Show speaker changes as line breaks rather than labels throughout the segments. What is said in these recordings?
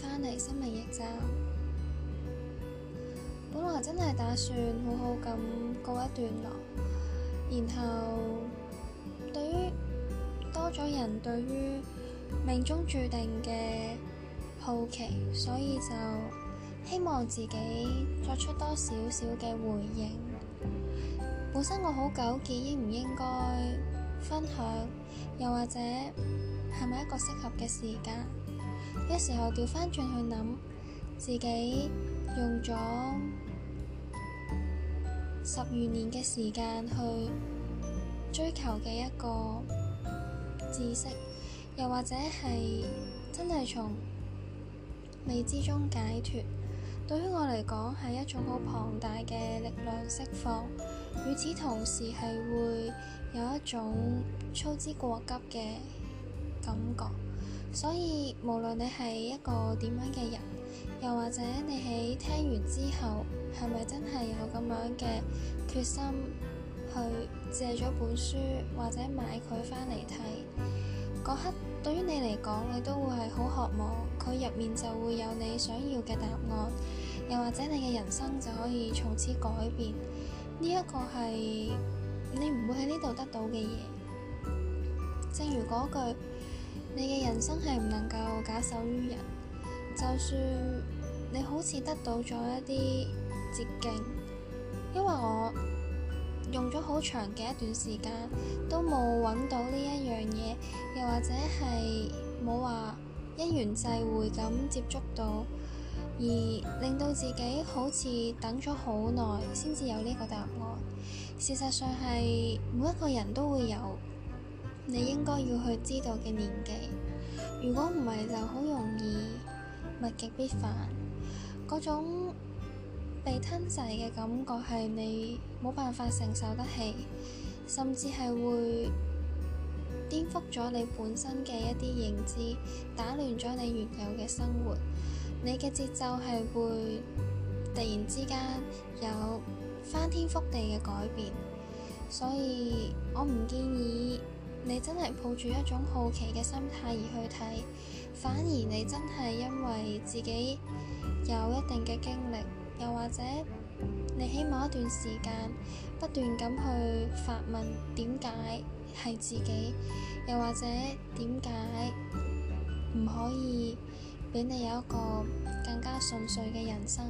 翻嚟，生命驛站。本來真係打算好好咁告一段落，然後對於多咗人對於命中注定嘅好奇，所以就希望自己作出多少少嘅回應。本身我好糾結，應唔應該分享，又或者係咪一個適合嘅時間？有時候調返轉去諗，自己用咗十餘年嘅時間去追求嘅一個知識，又或者係真係從未知中解脱，對於我嚟講係一種好龐大嘅力量釋放。與此同時係會有一種操之過急嘅感覺。所以，無論你係一個點樣嘅人，又或者你喺聽完之後，係咪真係有咁樣嘅決心去借咗本書，或者買佢返嚟睇？嗰刻對於你嚟講，你都會係好渴望，佢入面就會有你想要嘅答案，又或者你嘅人生就可以從此改變。呢一個係你唔會喺呢度得到嘅嘢，正如嗰句。你嘅人生係唔能夠假手於人，就算你好似得到咗一啲捷徑，因為我用咗好長嘅一段時間，都冇揾到呢一樣嘢，又或者係冇話因緣際會咁接觸到，而令到自己好似等咗好耐先至有呢個答案。事實上係每一個人都會有。你應該要去知道嘅年紀，如果唔係就好容易物極必反。嗰種被吞噬嘅感覺係你冇辦法承受得起，甚至係會顛覆咗你本身嘅一啲認知，打亂咗你原有嘅生活。你嘅節奏係會突然之間有翻天覆地嘅改變，所以我唔建議。你真係抱住一種好奇嘅心態而去睇，反而你真係因為自己有一定嘅經歷，又或者你喺某一段時間不斷咁去發問，點解係自己，又或者點解唔可以俾你有一個更加順遂嘅人生？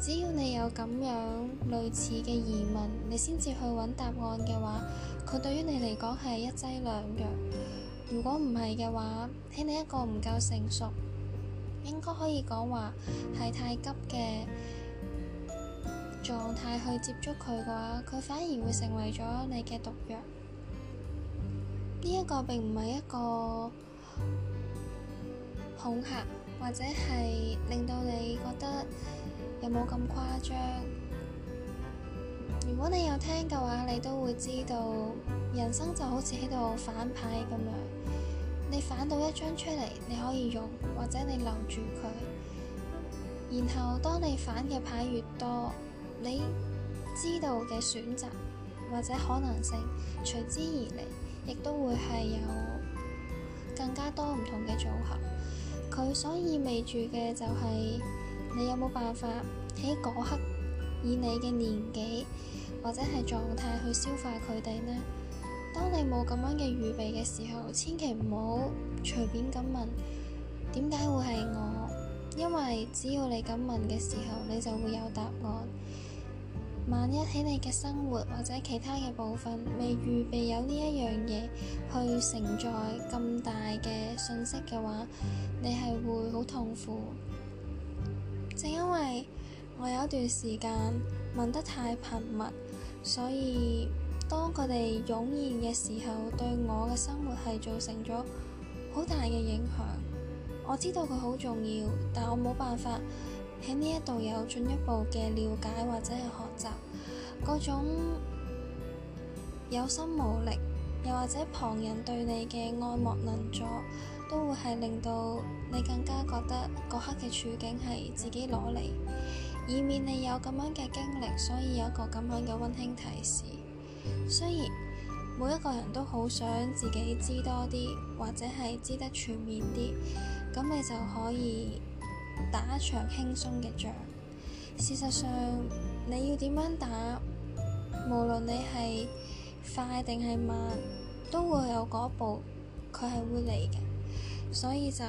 只要你有咁樣類似嘅疑問，你先至去揾答案嘅話，佢對於你嚟講係一劑良藥。如果唔係嘅話，睇你一個唔夠成熟，應該可以講話係太急嘅狀態去接觸佢嘅話，佢反而會成為咗你嘅毒藥。呢一個並唔係一個恐嚇，或者係令到你覺得。有冇咁誇張？如果你有聽嘅話，你都會知道，人生就好似喺度反牌咁樣。你反到一張出嚟，你可以用或者你留住佢。然後，當你反嘅牌越多，你知道嘅選擇或者可能性隨之而嚟，亦都會係有更加多唔同嘅組合。佢所意味住嘅就係。你有冇辦法喺嗰刻以你嘅年紀或者係狀態去消化佢哋呢？當你冇咁樣嘅預備嘅時候，千祈唔好隨便咁問：「點解會係我？」因為只要你咁問嘅時候，你就會有答案。萬一喺你嘅生活或者其他嘅部分未預備有呢一樣嘢去承載咁大嘅信息嘅話，你係會好痛苦。正因為我有一段時間問得太頻密，所以當佢哋湧現嘅時候，對我嘅生活係造成咗好大嘅影響。我知道佢好重要，但我冇辦法喺呢一度有進一步嘅了解或者係學習，嗰種有心無力，又或者旁人對你嘅愛莫能助。都會係令到你更加覺得嗰刻嘅處境係自己攞嚟，以免你有咁樣嘅經歷，所以有一個咁樣嘅溫馨提示。雖然每一個人都好想自己知多啲，或者係知得全面啲，咁你就可以打一場輕鬆嘅仗。事實上，你要點樣打，無論你係快定係慢，都會有嗰步，佢係會嚟嘅。所以就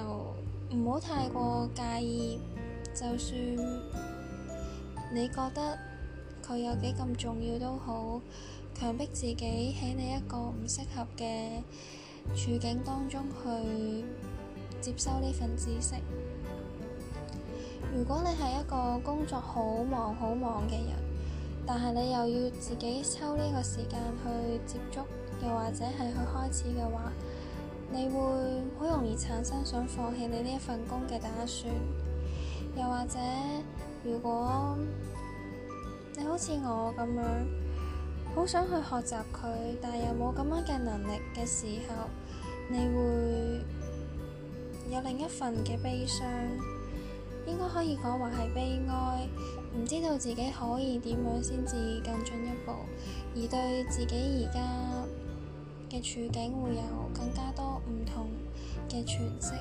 唔好太過介意，就算你覺得佢有幾咁重要都好，強迫自己喺你一個唔適合嘅處境當中去接收呢份知識。如果你係一個工作好忙好忙嘅人，但係你又要自己抽呢個時間去接觸，又或者係去開始嘅話，你會好容易產生想放棄你呢一份工嘅打算，又或者如果你好似我咁樣，好想去學習佢，但又冇咁樣嘅能力嘅時候，你會有另一份嘅悲傷，應該可以講話係悲哀，唔知道自己可以點樣先至更進一步，而對自己而家嘅處境會有更加多唔同嘅詮釋，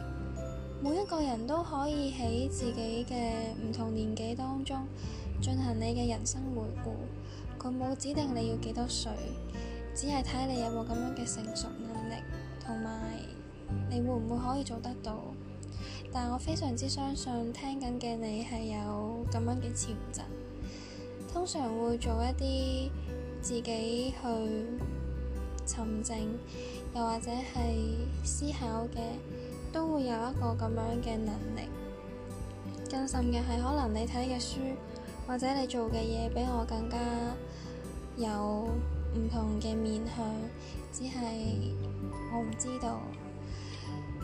每一個人都可以喺自己嘅唔同年紀當中進行你嘅人生回顧。佢冇指定你要幾多歲，只係睇你有冇咁樣嘅成熟能力，同埋你會唔會可以做得到？但我非常之相信，聽緊嘅你係有咁樣嘅潛質。通常會做一啲自己去。沉靜又或者係思考嘅，都會有一個咁樣嘅能力。更甚嘅係，可能你睇嘅書或者你做嘅嘢，比我更加有唔同嘅面向。只係我唔知道，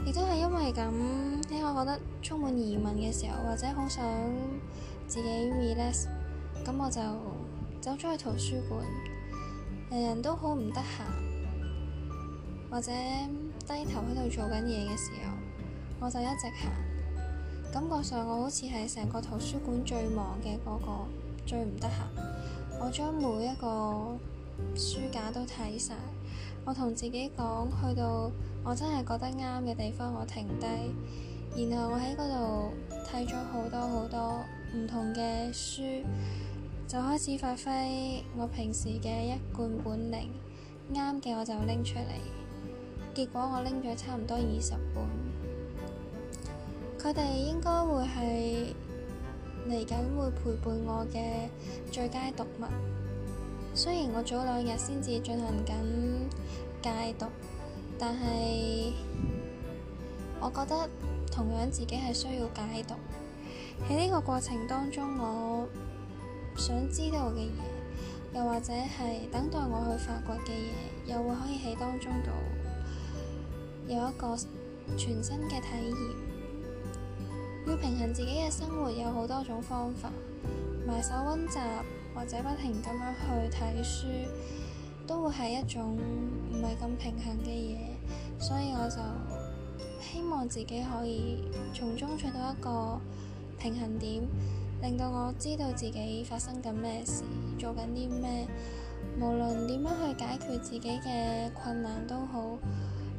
亦都係因為咁，喺我覺得充滿疑問嘅時候，或者好想自己 relax，咁我就走咗去圖書館。人人都好唔得閒。或者低頭喺度做緊嘢嘅時候，我就一直行。感覺上我好似係成個圖書館最忙嘅嗰個，最唔得閒。我將每一個書架都睇晒。我同自己講，去到我真係覺得啱嘅地方，我停低。然後我喺嗰度睇咗好多好多唔同嘅書，就開始發揮我平時嘅一貫本領，啱嘅我就拎出嚟。結果我拎咗差唔多二十本，佢哋應該會係嚟緊會陪伴我嘅最佳讀物。雖然我早兩日先至進行緊戒毒，但係我覺得同樣自己係需要戒毒。喺呢個過程當中，我想知道嘅嘢，又或者係等待我去發掘嘅嘢，又會可以喺當中度。有一個全新嘅體驗。要平衡自己嘅生活，有好多種方法，埋手溫習或者不停咁樣去睇書，都會係一種唔係咁平衡嘅嘢。所以我就希望自己可以從中取到一個平衡點，令到我知道自己發生緊咩事，做緊啲咩。無論點樣去解決自己嘅困難都好。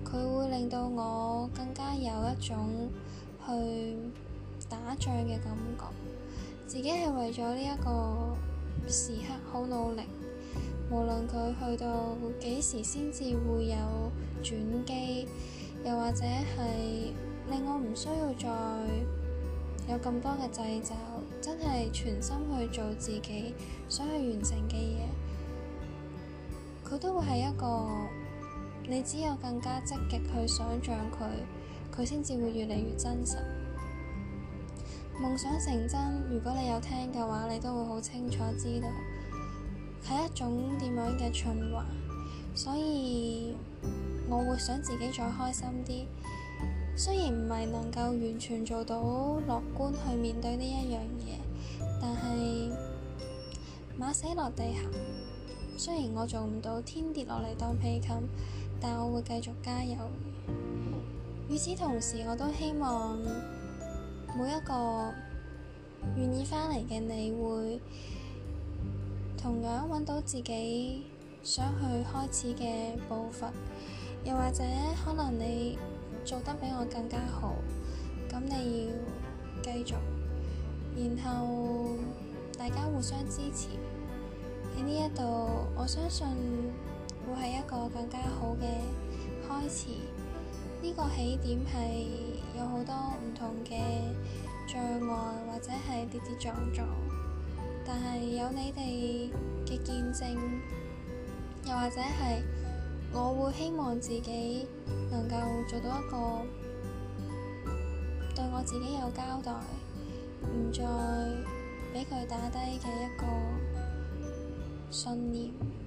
佢會令到我更加有一種去打仗嘅感覺，自己係為咗呢一個時刻好努力，無論佢去到幾時先至會有轉機，又或者係令我唔需要再有咁多嘅掣肘，真係全心去做自己想去完成嘅嘢，佢都會係一個。你只有更加積極去想像佢，佢先至會越嚟越真實。夢想成真，如果你有聽嘅話，你都會好清楚知道係一種點樣嘅循環。所以，我會想自己再開心啲。雖然唔係能夠完全做到樂觀去面對呢一樣嘢，但係馬死落地行。雖然我做唔到天跌落嚟當被冚。但我會繼續加油。與此同時，我都希望每一個願意翻嚟嘅你會同樣揾到自己想去開始嘅步伐，又或者可能你做得比我更加好，咁你要繼續，然後大家互相支持。喺呢一度，我相信。會係一個更加好嘅開始，呢個起點係有好多唔同嘅障礙或者係跌跌撞撞，但係有你哋嘅見證，又或者係我會希望自己能夠做到一個對我自己有交代，唔再俾佢打低嘅一個信念。